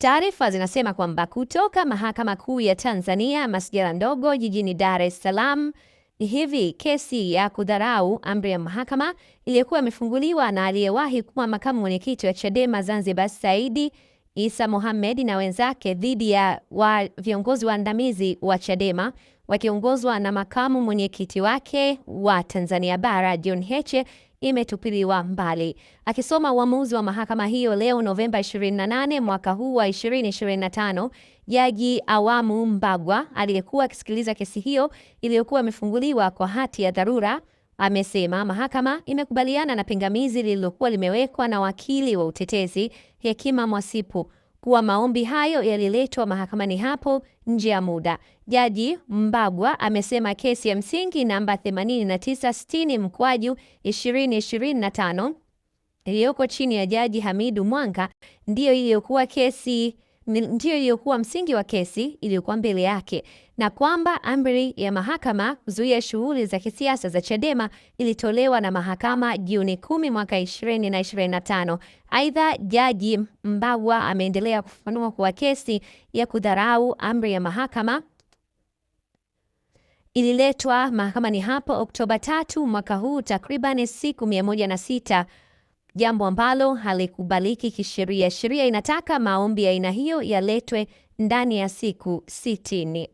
Taarifa zinasema kwamba kutoka Mahakama Kuu ya Tanzania masjala ndogo jijini Dar es Salaam ni hivi kesi ya kudharau amri ya mahakama iliyokuwa imefunguliwa na aliyewahi kuwa makamu mwenyekiti wa Chadema Zanzibar Saidi Isa Mohamed na wenzake dhidi ya wa viongozi waandamizi wa Chadema wakiongozwa na makamu mwenyekiti wake wa Tanzania Bara John Heche imetupiliwa mbali. Akisoma uamuzi wa mahakama hiyo leo Novemba 28 mwaka huu wa 2025, Jaji Awamu Mbagwa aliyekuwa akisikiliza kesi hiyo iliyokuwa imefunguliwa kwa hati ya dharura amesema mahakama imekubaliana na pingamizi lililokuwa limewekwa na wakili wa utetezi Hekima Mwasipu kuwa maombi hayo yaliletwa mahakamani hapo nje ya muda. Jaji Mbagwa amesema kesi ya msingi namba 8960 mkwaju 2025 iliyoko chini ya Jaji Hamidu Mwanga ndiyo iliyokuwa kesi ndiyo iliyokuwa msingi wa kesi iliyokuwa mbele yake na kwamba amri ya mahakama kuzuia shughuli za kisiasa za Chadema ilitolewa na mahakama Juni kumi mwaka 2025. Aidha, Jaji Mbawa ameendelea kufafanua kuwa kesi ya kudharau amri ya mahakama ililetwa mahakamani hapo Oktoba tatu mwaka huu, takriban siku 106 jambo ambalo halikubaliki kisheria. Sheria inataka maombi ya aina hiyo yaletwe ndani ya siku sitini.